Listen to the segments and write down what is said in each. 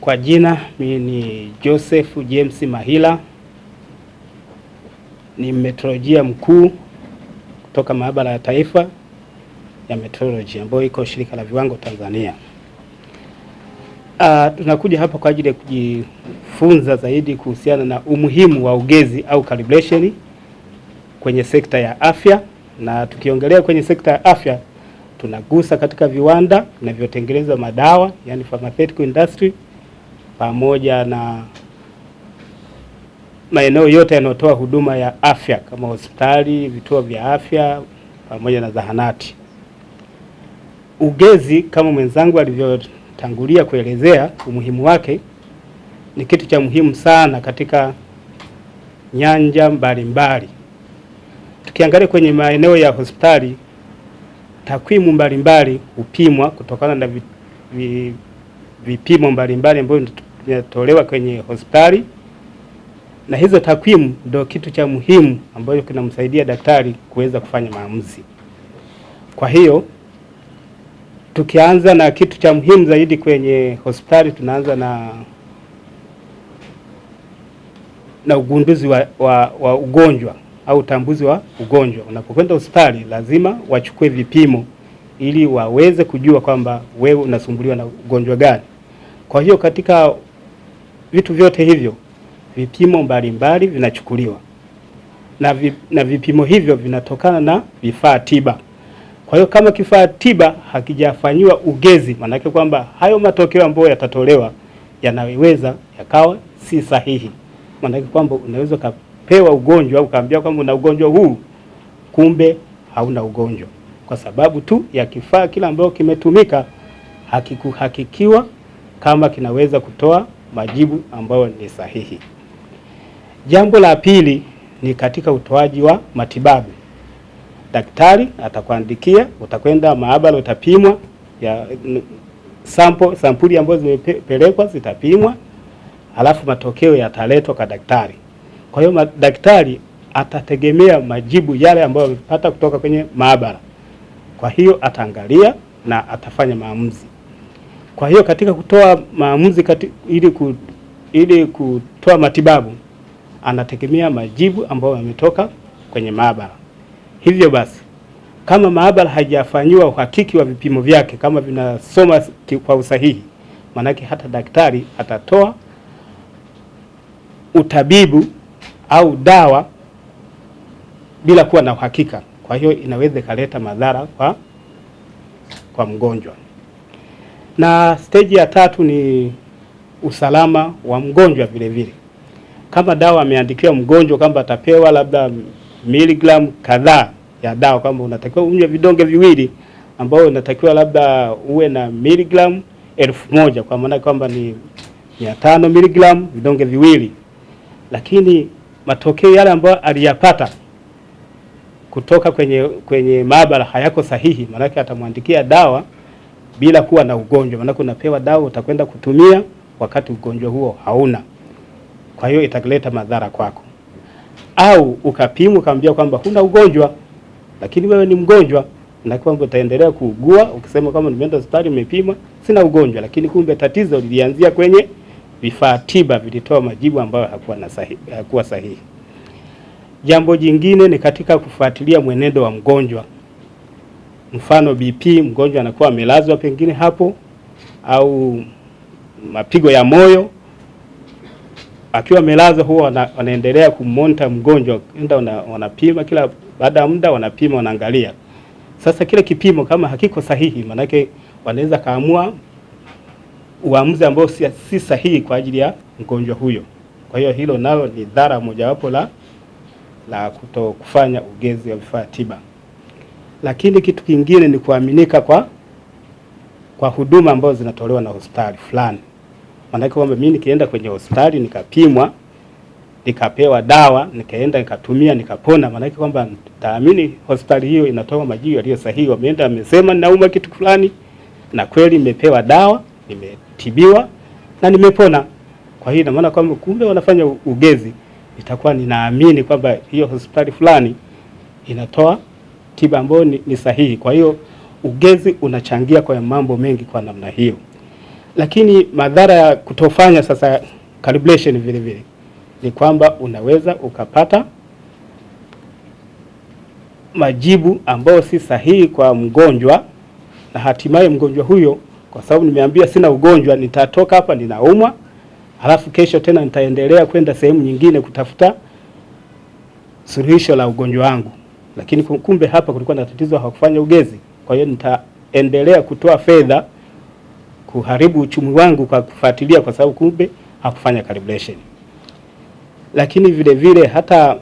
Kwa jina mimi ni Joseph James Mahila, ni metrolojia mkuu kutoka maabara ya taifa ya metrology ambayo iko shirika la viwango Tanzania. Uh, tunakuja hapa kwa ajili ya kujifunza zaidi kuhusiana na umuhimu wa ugezi au calibration kwenye sekta ya afya, na tukiongelea kwenye sekta ya afya tunagusa katika viwanda vinavyotengeneza madawa, yani pharmaceutical industry pamoja na maeneo yote yanayotoa huduma ya afya kama hospitali, vituo vya afya pamoja na zahanati. Ugezi kama mwenzangu alivyotangulia kuelezea umuhimu wake, ni kitu cha muhimu sana katika nyanja mbalimbali. Tukiangalia kwenye maeneo ya hospitali, takwimu mbalimbali hupimwa kutokana na vipimo mbalimbali ambavyo vinatolewa kwenye hospitali, na hizo takwimu ndio kitu cha muhimu ambayo kinamsaidia daktari kuweza kufanya maamuzi. Kwa hiyo tukianza na kitu cha muhimu zaidi kwenye hospitali, tunaanza na na ugunduzi wa, wa, wa ugonjwa au utambuzi wa ugonjwa. Unapokwenda hospitali lazima wachukue vipimo ili waweze kujua kwamba wewe unasumbuliwa na ugonjwa gani. Kwa hiyo katika vitu vyote hivyo vipimo mbalimbali vinachukuliwa na, vi, na vipimo hivyo vinatokana na vifaa tiba. Kwa hiyo kama kifaa tiba hakijafanyiwa ugezi, maanake kwamba hayo matokeo ambayo yatatolewa yanaweza yakawa si sahihi, maanake kwamba unaweza ukapewa ugonjwa ukaambia kwamba una ugonjwa huu, kumbe hauna ugonjwa, kwa sababu tu ya kifaa kile ambayo kimetumika hakikuhakikiwa kama kinaweza kutoa majibu ambayo ni sahihi. Jambo la pili ni katika utoaji wa matibabu. Daktari atakuandikia, utakwenda maabara, utapimwa ya sample, sampuli ambazo zimepelekwa zitapimwa, halafu matokeo yataletwa kwa daktari. Kwa hiyo daktari atategemea majibu yale ambayo amepata kutoka kwenye maabara. Kwa hiyo ataangalia na atafanya maamuzi. Kwa hiyo katika kutoa maamuzi kati, ili, ku, ili kutoa matibabu anategemea majibu ambayo yametoka kwenye maabara. Hivyo basi kama maabara haijafanyiwa uhakiki wa vipimo vyake kama vinasoma kwa usahihi, maanake hata daktari atatoa utabibu au dawa bila kuwa na uhakika. Kwa hiyo inaweza ikaleta madhara kwa, kwa mgonjwa na steji ya tatu ni usalama wa mgonjwa vile vile. Kama dawa ameandikiwa mgonjwa kwamba atapewa labda miligramu kadhaa ya dawa, kwamba unatakiwa unywe vidonge viwili, ambayo unatakiwa labda uwe na miligramu elfu moja kwa maana kwamba ni mia tano miligramu vidonge viwili, lakini matokeo yale ambayo aliyapata kutoka kwenye, kwenye maabara hayako sahihi, maanake atamwandikia dawa bila kuwa na ugonjwa, maanake unapewa dawa utakwenda kutumia wakati ugonjwa huo hauna, kwa hiyo itakuleta madhara kwako. Au ukapimwa ukaambia kwamba huna ugonjwa, lakini wewe ni mgonjwa na kwamba utaendelea kuugua, ukisema kama nimeenda hospitali nimepimwa sina ugonjwa, lakini kumbe tatizo lilianzia kwenye vifaa tiba, vilitoa majibu ambayo hakuwa na sahihi, hakuwa sahihi. Jambo jingine ni katika kufuatilia mwenendo wa mgonjwa mfano BP, mgonjwa anakuwa amelazwa pengine hapo, au mapigo ya moyo. Akiwa amelazwa huwa wanaendelea kumonta mgonjwa, enda wanapima kila baada ya muda, wanapima wanaangalia. Sasa kile kipimo kama hakiko sahihi, maanake wanaweza kaamua uamuzi ambao si, si sahihi kwa ajili ya mgonjwa huyo. Kwa hiyo hilo nalo ni dhara mojawapo la, la kutokufanya ugezi wa vifaa tiba lakini kitu kingine ni kuaminika kwa, kwa huduma ambazo zinatolewa na hospitali fulani. Maanake kwamba mimi nikienda kwenye hospitali nikapimwa nikapewa dawa nikaenda nikatumia nikapona, maanake kwamba taamini hospitali hiyo inatoa majibu yaliyo sahihi. Wameenda wamesema ninauma kitu fulani, na kweli nimepewa dawa, nimetibiwa na nimepona. Kwa hiyo ina maana kwamba kumbe wanafanya ugezi, itakuwa ninaamini kwamba hiyo hospitali fulani inatoa tiba ambayo ni, ni sahihi. Kwa hiyo ugezi unachangia kwa mambo mengi kwa namna hiyo, lakini madhara ya kutofanya sasa calibration vile vile ni kwamba unaweza ukapata majibu ambayo si sahihi kwa mgonjwa, na hatimaye mgonjwa huyo, kwa sababu nimeambia sina ugonjwa, nitatoka hapa ninaumwa, halafu kesho tena nitaendelea kwenda sehemu nyingine kutafuta suluhisho la ugonjwa wangu lakini kumbe hapa kulikuwa na tatizo, hawakufanya ugezi. Kwa hiyo nitaendelea kutoa fedha kuharibu uchumi wangu kwa kufuatilia, kwa sababu kumbe hakufanya calibration. Lakini vile vile hata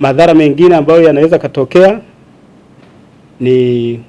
madhara mengine ambayo yanaweza katokea ni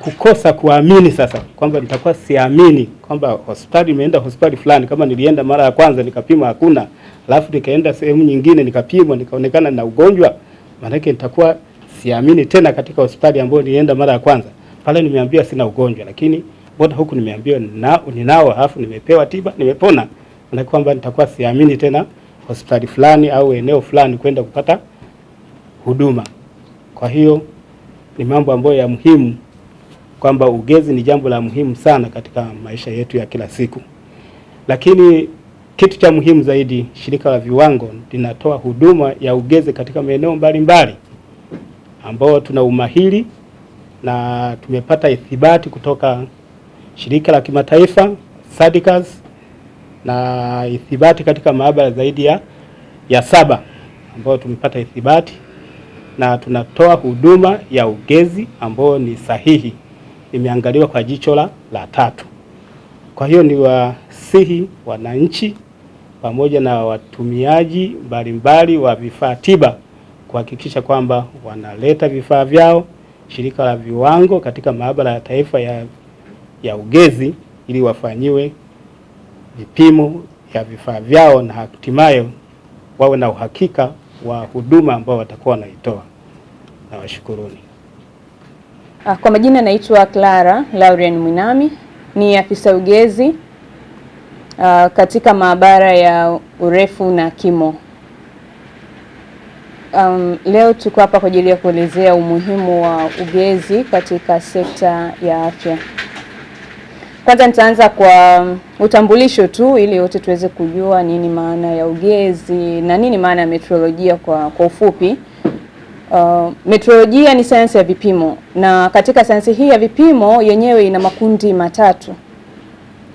kukosa kuamini sasa, kwamba nitakuwa siamini kwamba hospitali imeenda hospitali fulani, kama nilienda mara ya kwanza nikapima hakuna alafu nikaenda sehemu nyingine nikapimwa nikaonekana na ugonjwa, maanake nitakuwa siamini tena katika hospitali ambayo nilienda mara ya kwanza. Pale nimeambiwa sina ugonjwa, lakini mbona huku nimeambiwa ninao, alafu nimepewa tiba, nimepona, maana kwamba nitakuwa siamini tena hospitali fulani au eneo fulani kwenda kupata huduma. Kwa hiyo ni mambo ambayo ya muhimu kwamba ugezi ni jambo la muhimu sana katika maisha yetu ya kila siku, lakini kitu cha muhimu zaidi, shirika la viwango linatoa huduma ya ugeze katika maeneo mbalimbali ambao tuna umahiri na tumepata ithibati kutoka shirika la kimataifa Sadikas na ithibati katika maabara zaidi ya, ya saba ambayo tumepata ithibati na tunatoa huduma ya ugezi ambao ni sahihi, imeangaliwa kwa jicho la tatu. Kwa hiyo ni wasihi wananchi pamoja na watumiaji mbalimbali wa vifaa tiba kuhakikisha kwamba wanaleta vifaa vyao shirika la viwango katika maabara ya taifa ya, ya ugezi ili wafanyiwe vipimo ya vifaa vyao na hatimaye wawe na uhakika wa huduma ambao watakuwa wanaitoa. Na washukuruni ah, kwa majina. Naitwa Clara Laurian Mwinami, ni afisa ugezi uh, katika maabara ya urefu na kimo. Um, leo tuko hapa kwa ajili ya kuelezea umuhimu wa ugezi katika sekta ya afya. Kwanza nitaanza kwa utambulisho tu ili wote tuweze kujua nini maana ya ugezi na nini maana ya metrolojia kwa, kwa ufupi. Uh, metrolojia ni sayansi ya vipimo na katika sayansi hii ya vipimo yenyewe ina makundi matatu.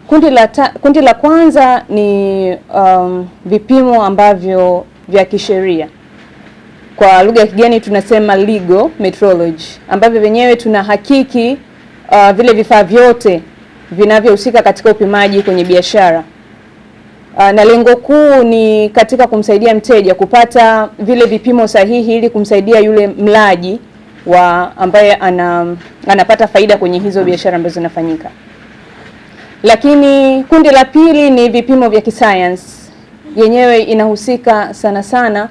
Kundi la, ta, kundi la kwanza ni um, vipimo ambavyo vya kisheria kwa lugha ya kigeni tunasema legal metrology, ambavyo wenyewe hakiki uh, vile vifaa vyote vinavyohusika katika upimaji kwenye biashara uh, na lengo kuu ni katika kumsaidia mteja kupata vile vipimo sahihi ili kumsaidia yule mlaji wa ambaye ana, anapata faida kwenye hizo biashara ambazo zinafanyika. Lakini kundi la pili ni vipimo vya kisayansi, yenyewe inahusika sana sana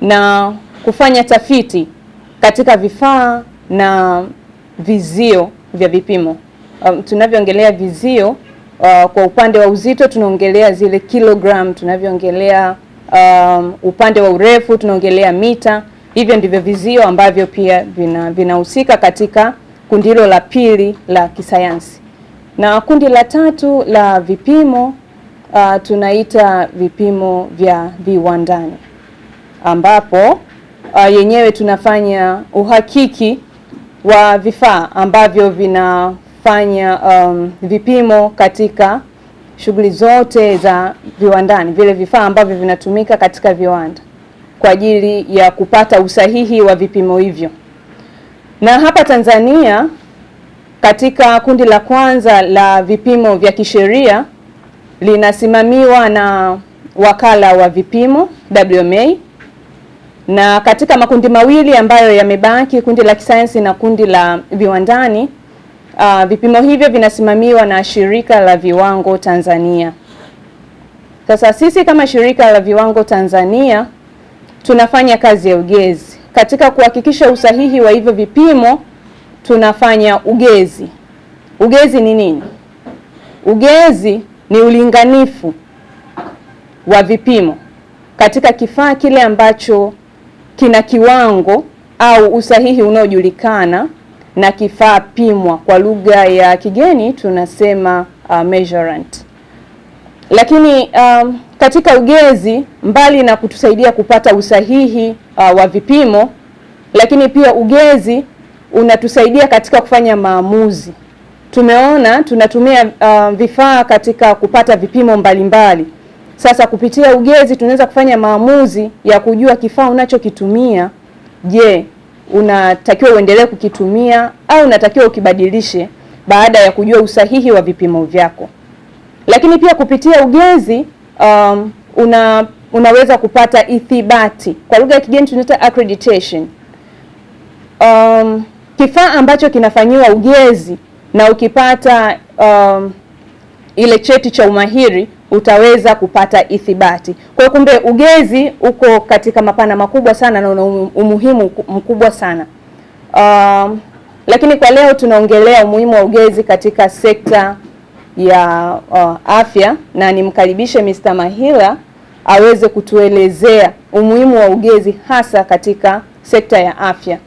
na kufanya tafiti katika vifaa na vizio vya vipimo. Um, tunavyoongelea vizio uh, kwa upande wa uzito tunaongelea zile kilogram, tunavyoongelea um, upande wa urefu tunaongelea mita. Hivyo ndivyo vizio ambavyo pia vinahusika vina katika kundi hilo la pili la kisayansi. Na kundi la tatu la vipimo uh, tunaita vipimo vya viwandani ambapo uh, yenyewe tunafanya uhakiki wa vifaa ambavyo vinafanya um, vipimo katika shughuli zote za viwandani, vile vifaa ambavyo vinatumika katika viwanda kwa ajili ya kupata usahihi wa vipimo hivyo. Na hapa Tanzania katika kundi la kwanza la vipimo vya kisheria linasimamiwa na wakala wa vipimo WMA, na katika makundi mawili ambayo yamebaki, kundi la kisayansi na kundi la viwandani, uh, vipimo hivyo vinasimamiwa na shirika la viwango Tanzania. Sasa sisi kama shirika la viwango Tanzania tunafanya kazi ya ugezi katika kuhakikisha usahihi wa hivyo vipimo tunafanya ugezi. Ugezi ni nini? Ugezi ni ulinganifu wa vipimo katika kifaa kile ambacho kina kiwango au usahihi unaojulikana na kifaa pimwa, kwa lugha ya kigeni tunasema uh, measurement. Lakini um, katika ugezi, mbali na kutusaidia kupata usahihi uh, wa vipimo, lakini pia ugezi unatusaidia katika kufanya maamuzi. Tumeona tunatumia uh, vifaa katika kupata vipimo mbalimbali mbali. Sasa kupitia ugezi tunaweza kufanya maamuzi ya kujua kifaa unachokitumia, je, unatakiwa uendelee kukitumia au unatakiwa ukibadilishe baada ya kujua usahihi wa vipimo vyako. Lakini pia kupitia ugezi um, una, unaweza kupata ithibati, kwa lugha ya kigeni tunaita accreditation um, kifaa ambacho kinafanyiwa ugezi na ukipata um, ile cheti cha umahiri utaweza kupata ithibati. Kwa kumbe ugezi uko katika mapana makubwa sana na una umuhimu mkubwa sana um, lakini kwa leo tunaongelea umuhimu wa ugezi katika sekta ya uh, afya, na nimkaribishe Mr. Mahila aweze kutuelezea umuhimu wa ugezi hasa katika sekta ya afya.